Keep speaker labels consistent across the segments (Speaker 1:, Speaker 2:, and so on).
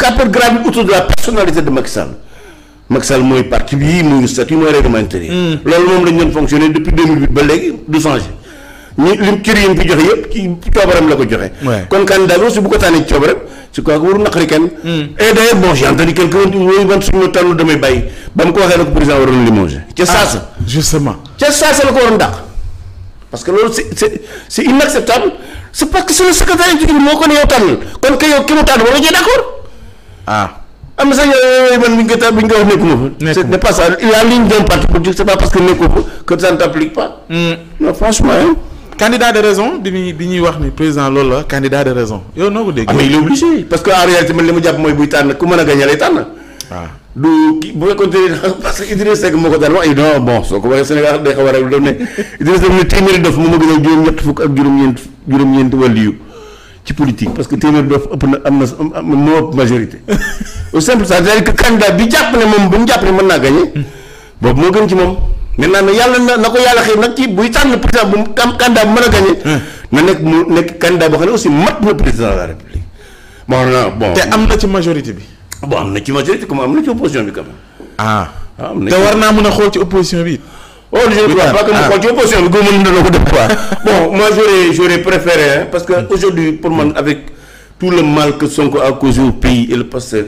Speaker 1: que après gravité autour de la la ko joxe. kon candidat bi aussi bu ko la hmm. ko président waroon limoger. ca ah, saasa justement ca saasa la ko waroon dàq. parce que loolu c'est c'est inacceptable c'est parce que c'est le secrétaire exécutif moo ko ne tànnal kon ki mu tànn waroo jee d'accord. ah am ah, na sax yooyu eh, man mi ngi koy mi ngi koy wax nekkuma fa. c'est pas parce que nekkoo fa que ne t'applique pas. Hmm. non franchement. candidat de raison bi muy bi ñuy wax ni président loolu la candidat de raison yow noo ko déggee. ah mais il est obligé parce que en man li ma jàpp mooy buy tànn ku mën a gagné lay tànn. waaw ah. du kii bu fekkoon parce que Idriss moo ko daan wax ay bon soo ko waxee Sénégal day xaw a rek ne Idriss Seck ne téeméeri dof ci politique parce que téeméer bi ëpp na am na moo ëpp majorité au simple ça c'est-à-dire bi jàpp ne moom bu ñu jàpp ne mën naa gagné boobu moo gën ci moom maintenant nag yàlla na na ko yàlla xëy nag ci a gagné na nekk nekk candidat boo xam ne aussi mat na président de la république am na ci majorité bi bon am na ci majorité comme am na ci opposition bi quand ah. Ah, te war naa mën a xool ci opposition bi Oh, je ne crois pas que nous continuons parce que Bon, moi j'aurais préféré, hein, parce qu'aujourd'hui, hmm. pour moi, avec tout le mal que Sonko a causé au pays et le pasteur,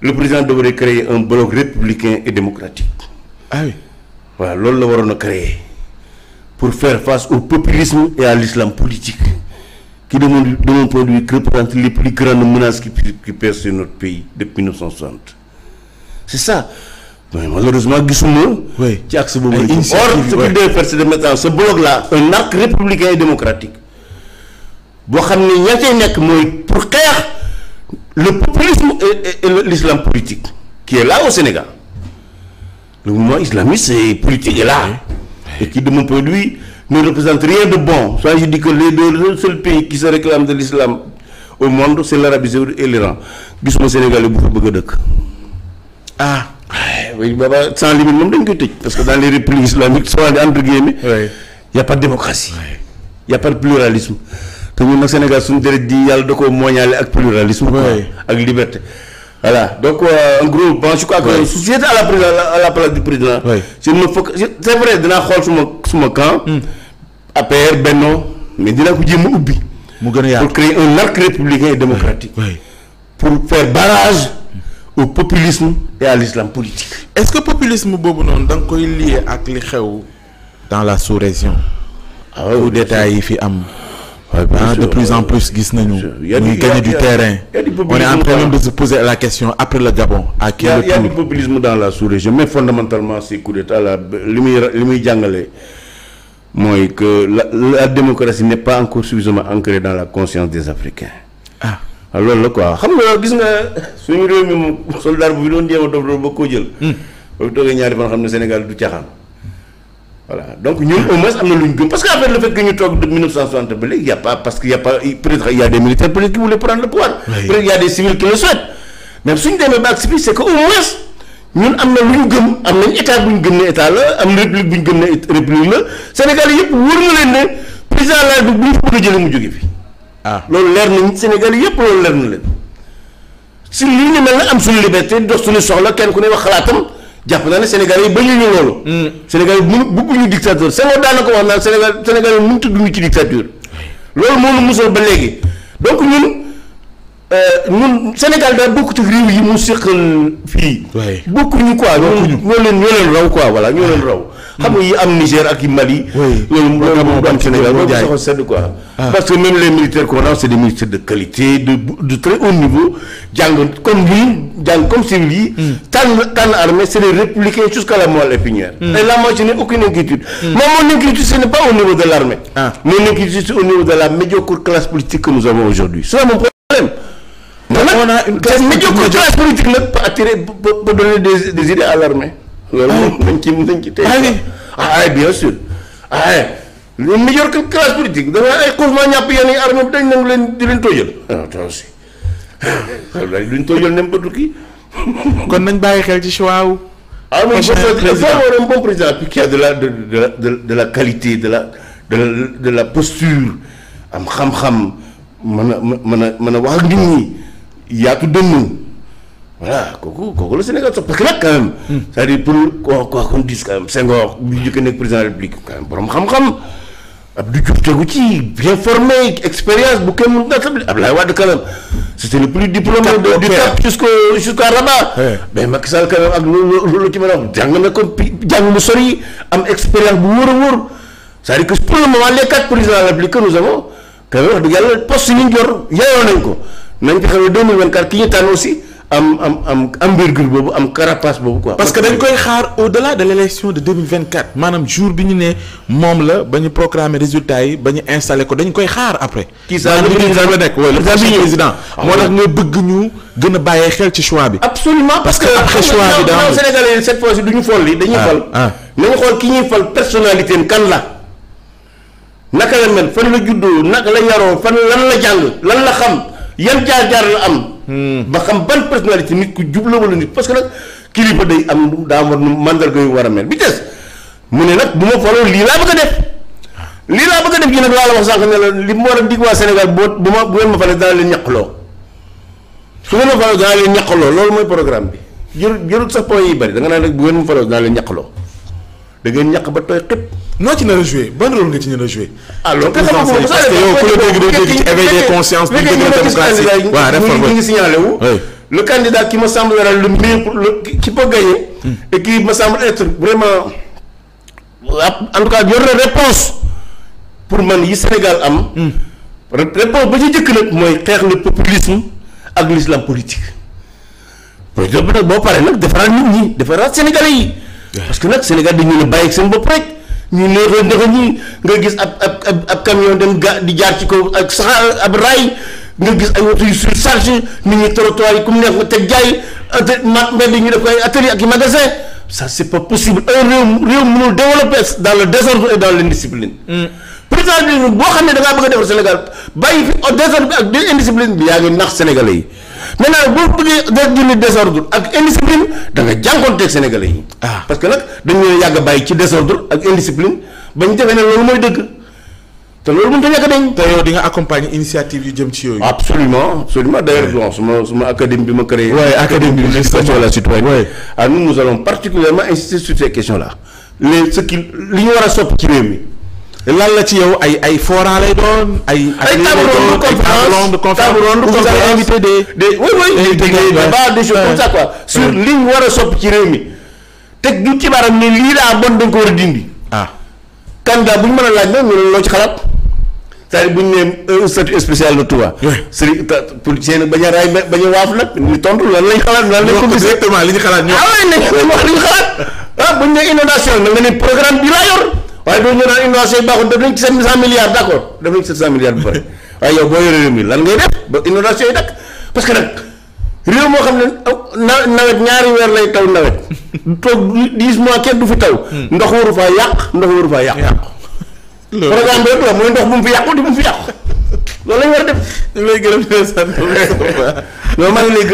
Speaker 1: le président devrait créer un bloc républicain et démocratique. Ah oui. Voilà, l'on l'a créé pour faire face au populisme et à l'islam politique qui, de mon, de mon point de vue, représente les plus grandes menaces qui, qui notre pays depuis 1960. C'est ça. mais malheureusement gisuma. oui ci axe boobu la or ce qui doit boo xam ne nekk mooy pour xeex politique qui est là au Sénégal le mouvement islamiste et politique est là et qui de bon soit je dis que les deux le seul pays de l'islam au monde c'est gisuma Sénégalais bu fa bëgg a dëkk ah oui booba sans limite moom dañ koy tëj. parce que dans les républiques islamiques soo andi entre guillemets. oui a pas démocratie. y' a te ñun nag Sénégal suñu deret ji yàlla da koo mooñaale ak pluralisme. ak liberté. voilà donc euh, en gros bon je crois que si à la président à la place du président. je me focus c' est vrai dinaa xool suma suma camp. Hmm. APR Benno mais dinaa ko jéem a ubbi. mu gën a yaatu pour créer un arc républicain et démocratique. pour faire au populisme et à l'islam politique. est-ce que populisme boobu noonu da nga koy lié ak li xew. dans la sous-région. ah oui yi fi am. ah de plus en plus gis nañu. muy gagner du terrain. on est en train même de se poser la question après le Gabon. à qui le tour y a dans la sous-région mais fondamentalement c'est coup d'état la li muy li muy jàngale mooy que la la démocratie n'est pas encore suffisamment ancrée dans la conscience des Africains. loolu la quoi xam nga gis nga suñu réew mi moom soldat bu doon jéem a dof dof jël. Hmm. ba fi xam ne Sénégal du caaxaan. ñun au am na lu ñu gëm parce que affaire le fait que ñu toog de 1960 ba léegi y' a pas parce que y' a pas peut-être y' a des militaires peut-être qui voulaient prendre le pouvoir. peut-être y' a des civils qui le am na lu ñu gëm bu ñu gëm ne état am na république bu ñu gëm ne république la Sénégal yëpp wër na leen ne président la bu ñu ko bëgg a jëlee mu jóge fi. ah loolu leer nañ Sénégal yëpp loolu leer na leen si lii ñu mel ne am suñu liberté dox suñu soxla kenn ku ne wax xalaatam jàpp naa ne Sénégal yi bañu ñu loolu. Hmm. Sénégal yi mu bëgguñu dictateur Senghor daanaka wax naan Sénégal Sénégal yi mënut a dund ci dictature loolu moo ñu musal ba léegi donc ñun. Euh, ñun Sénégal daal bokk ci réew yi mu seqal fii. waay bokkuñu quoi. ñoo leen ñoo leen raw quoi voilà ñoo leen raw. xam yi am Niger ak yi Mali. loolu moom am Sénégal sedd quoi. Ah. parce que même les militaires qu'on a c'est des militaires de qualité de de très haut niveau jàng comme lii jàng comme civil yi. Hmm. tànn tànn armée c'est des républicains jusqu'à la moelle épinière. Hmm. et là moi je n'ai aucune inquiétude. Hmm. moi mon inquiétude ce n'est pas au niveau de l'armée. ah mon inquiétude au niveau on a une classe politique nag pour attirer pour ah. dañ ci dañ ci tey. ah, ah, ah bien sûr ah lu meilleur que classe politique dafay ay coulement ñàpp yenn dañ nangu leen di leen toojal. waaw toi aussi duñ toojal nem kon nañ bàyyi xel ci choix wu. prochain président ah mais un bon de la de la de la qualité de la de de la posture am xam-xam mën a mën a mën a wax ak nit ñi. yaatu dënnu voilà kooku kooku la Sénégal sox parce que nag quand même. Hmm. c'est-à-dire pour quoi qu'on dise quand même Senghor bi nekk président de la République quand même borom xam-xam Abdou Diouf tegu ci bien formé expérience bu kenn mënut a tabli Abdoulaye Wade quand ak loolu ci mën a wax jàng na ko jàng mu sori am expérience bu wóor a wóor cest à que pour le moment les quatre présidents de la République que nous avons quand même wax dëgg yàlla poste yi ñu jor yeyoo ko nañ fexe ba 2024 ki ñu tànn aussi am am am am boobu am carapace boobu quoi. parce que dañ koy xaar au delà de l' élection de 2024 maanaam jour bi ñu ne moom la ba ñu programmer résultat yi ba ñu installé ko dañu koy xaar après. kii saa la nekk wala le président ah moo tax nga bëgg ñu gën a bàyyee xel ci choix bi. absolument parce que après choix bi daa am Sénégalais yi cette fois ci du ñu fol lii dañuy ah, fal. Ah. xool ki ñuy fal personnalité am kan la. naka la mel fan la juddoo naka la yaroo fan lan la jàng lan la xam. yan jaar-jaar la am. Hmm. ba xam ban personnalité nit ku jub la wala nit parce que nag kilifa day am daa war mandarga yu war a mel bi des mu ne nag bu ma faloo lii laa bëgg a def. lii laa bëgg a def gi nag laa la wax sànq ne li mu war a dig waa Sénégal boo bu ma bu ngeen ma falee dana leen ñaqloo su ngeen ma falee dana leen ñaqloo loolu mooy programme bi jërut jërut sax yi bari da nga naan rek bu ngeen da ngeen ñàkk ba tooy xëpp. noo ci nar a joué ban nga ci nar a joué. alors que xam nga parce que yow day dégg ci éveil des consciences. bu fekkee ñu ngi gis candidat waaw réforme le candidat qui me semble être le meilleur pour le qui peut gagner. Hmm. et qui me man yi Sénégal am. Hmm. réponse ba ñu jëkk nag mooy xeex le populisme ak l'islam politique. projet bi nag boo paree nag defaraat nit ñi defaraat sénégalais yi. parce que nag Sénégal dañu leen a bàyyi seen bopp rek ñu neexal neexal ñi nga gis ab ab ab camion dem ga di jaar ci kaw ak sax ab raay nga gis ay oto yu surcharge nit ñi trottoir yi ku mu neex nga teg jaay ma mel ni ñu def ko atelier ak i magasin ça c' est pas possible un réew réew mënul développé dans le désordre et dans l' indiscipline. Hmm. président bi boo xam ne da ngaa bëgg a defar Sénégal bàyyi fi désordre bi ak indiscipline bi yaa ngi nax Sénégalais yi. maintenant boo bëggee def julli désordre ak indiscipline da nga jànkoonteeg sénégalais yi. Ah. parce que nag dañu yàgg a bàyyi ci désordre ak indiscipline bañ defee ne loolu mooy dëgg te loolu mënut a ñàkk dañ. te yow di nga accompagner initiative yu jëm ci yooyu. absolument absolument d'ailleurs bon suma suma académie bi ma créé. oui académie bi gestion de la citoyenneté. oui ah nous li ñu war a sopp ci réew mi. lan la ci yow ay ay fora lay doon ay. ay table ronde de conférence table ronde de conférence vous allez inviter des. des oui oui des débats des choses comme ça quoi. sur li ñu war a soppi ci réew mi teg du ci baram ne lii daa bon dañ ko war a dindi. ah candidat bu ñu mën a laaj nag loolu loo ci xalaat. c'est-à-dire bu ñu nee un euh, statut spécial de Touba. sëriñ ta politicien nag bañ a raay bañ a waaf nag ñu tontu lan lañ xalaat lan lañ ko gisee exactement li ñu xalaat ñoom. ah oui nañ wax li ñu xalaat ah bu ñu nee inondation nag nga ne programme bi laa yor. waaye doo ñu naan innovation yi baaxul def nañ ci sept cent milliards d' accord def nañ ci sept cent milliards bu pare waaye yow boo yore réew mi lan ngay def ba innovation yi dakk parce que nag réew moo xam ne nawet ñaari weer lay taw nawet toog dix mois kenn du fi taw. Hmm. ndox waru faa yàq ndox waru faa yàq. programme bi wax mooy ndox bu mu fi yàqu di mu fi yàqu loolu la ñu war a def. ñu lay gërëm